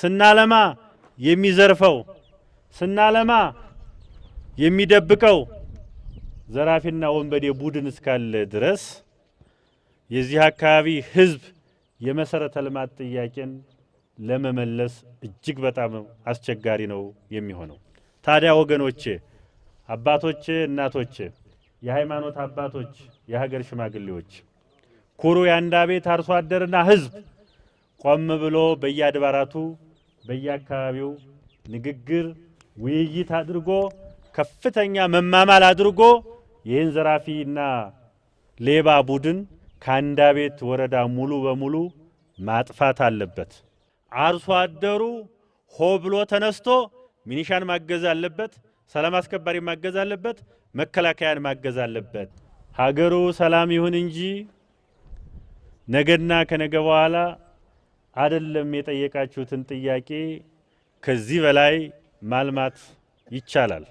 ስናለማ የሚዘርፈው ስናለማ የሚደብቀው ዘራፊና ወንበዴ ቡድን እስካለ ድረስ የዚህ አካባቢ ህዝብ የመሰረተ ልማት ጥያቄን ለመመለስ እጅግ በጣም አስቸጋሪ ነው የሚሆነው። ታዲያ ወገኖቼ፣ አባቶቼ፣ እናቶቼ፣ የሃይማኖት አባቶች፣ የሀገር ሽማግሌዎች ኩሩ የአንድ ቤት አርሶ አደርና ህዝብ ቆም ብሎ በየአድባራቱ በየአካባቢው ንግግር፣ ውይይት አድርጎ ከፍተኛ መማማል አድርጎ ይህን ዘራፊና ሌባ ቡድን ከአንዳ ቤት ወረዳ ሙሉ በሙሉ ማጥፋት አለበት። አርሶ አደሩ ሆ ብሎ ተነስቶ ሚኒሻን ማገዝ አለበት፣ ሰላም አስከባሪ ማገዝ አለበት፣ መከላከያን ማገዝ አለበት። ሀገሩ ሰላም ይሁን እንጂ ነገና ከነገ በኋላ አይደለም የጠየቃችሁትን ጥያቄ ከዚህ በላይ ማልማት ይቻላል።